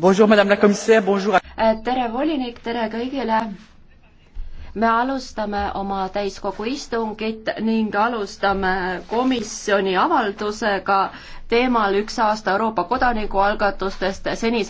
Äh, tere, volinik, tere kõigile! me alustame oma täiskogu istungit ning alustame komisjoni avaldusega teemal üks aasta Euroopa kodanikualgatustest senise